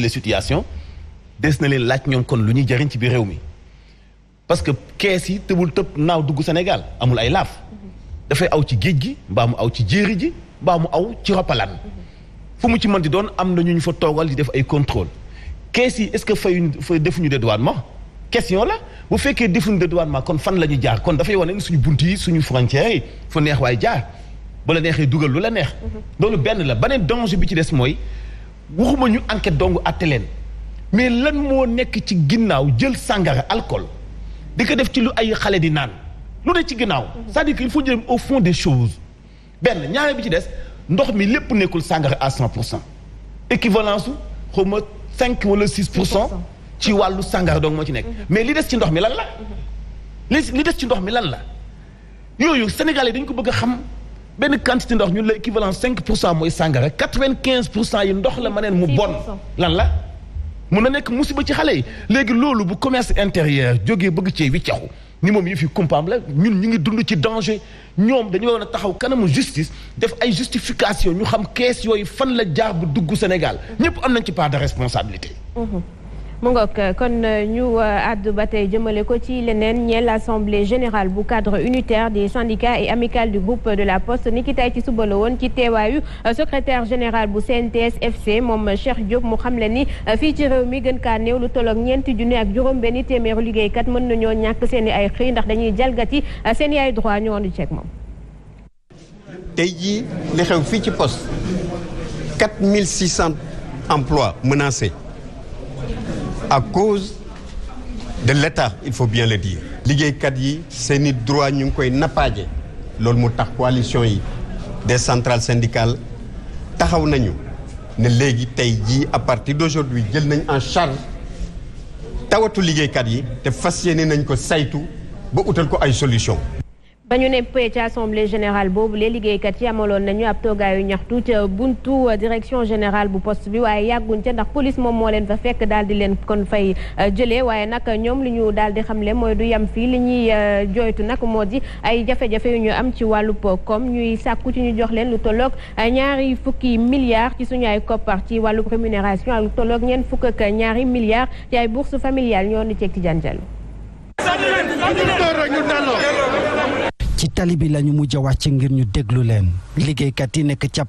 les situations des na leen laaj ñoom kon lu ñuy jariñ ci biir réew mi parce que kees yi tëbul tëb naaw dugg Sénégal amul ay laaf dafay aw ci géej gi mbaa mu aw ci jéeri ji mbaa mu aw ci roppalaan fu mu ci mën di doon am na ñu ñu fa toogal di def ay contrôle kees yi est-ce que fayuñ fa defuñu kes question la bu fekkee defuñu dédouanement kon fan la ñu jaar kon dafay wane suñu bunt yi suñu frontières yi fu neex waay jaar ba la neexee dugal lu la neex mhm. loolu benn la beneen danger bi ci des mooy waxuma ñu enquête dong àtte leen mais lan moo nekk ci ginnaaw jël sàngara alcool di ko def ci lu ay xale di naan lu ne ci ginnaaw c'est-à-dire que il faut au fond des choses benn ñaare bi ci des ndox mi lépp nekkul sàngara à cent pour cent équivalence su xaw ma cinq wala six pour cent ci wàllu sàngara dong moo ci nekk mhm. mais li des ci ndox mi lan la li li des ci ndox mi lan la yooyu sénégal yi dañ ko bëgg a xam benn quantité ndox ñun la équivalent cinq pour cent mooy sàngara quatre vingt quinze pour cent yi ndox la ma neen mu bon lan la mun na nekk musiba ci xale yi léegi loolu bu commerce intérieur jógee bëgg cee wiccaxu ni moom yi fi kumpaam la ñun ñu ngi dund ci danger ñoom dañu waroon a taxaw kanamu justice def ay justification ñu xam kees yooyu fan la jaar bu dugg Sénégal ñëpp am nañ ci part de responsabilité mu euh, kon euh, ñu euh, àddu ba tey jëmale ko ci leneen ñeel assemblée générale bu cadre unitaire des syndicats et amicales du groupe de la poste ni ki tay ci suba la woon ci teewaayu secrétaire général bu CNTS FC moom Cheikh Diop mu xam le ni fii ci réew mi gën kaa néew lu tolloog ñeenti junni ak juróom benni téeméeru liggéeykat mën nañoo ñàkk seeni ay xëy ndax dañuy jalgati seen i ay droit ñu woon di ceeg moom tey jii li xew fii ci poste emplois menacés à cause de l'État il faut bien le liggéeykat yi seeni droit ñu ngi koy nappaaje loolu mu tax coalition yi des centrales syndicales taxaw nañu ne léegi tey jii à partir d'aujourd'hui jël nañ en charge tawatu liggéeykat yi te fas yéene nañ ko saytu ba utal ko ay solution ba ñu neppee ci assemblée générale boobu lee liggéeykat yi amaloon nañu ab toogaayu ñaxtu ca buntu direction générale bu post bi waaye yàgguñ ca ndax police moom moo leen fa fekk daal di leen kon fay euh, jëlee waaye nag ñoom li ñu daal di xamle mooy du yam fii li ñuy euh, joytu nag moo di ay jafe-jafe yu ñu am ci wàllu wàllub koom ñuy sàkku ci ñu jox leen lu tolloog euh, ñaari fukki milliards ci suñu ay koppar ci wàllub rémunération ak lu tolloog ñeent fukk ak ñaari milliards ci ay bourses familiales ñoo ni ceeg ci janjal tali bi lañu mujj a wàcc ngir ñu déglu leen liggéeykat yi nekk ca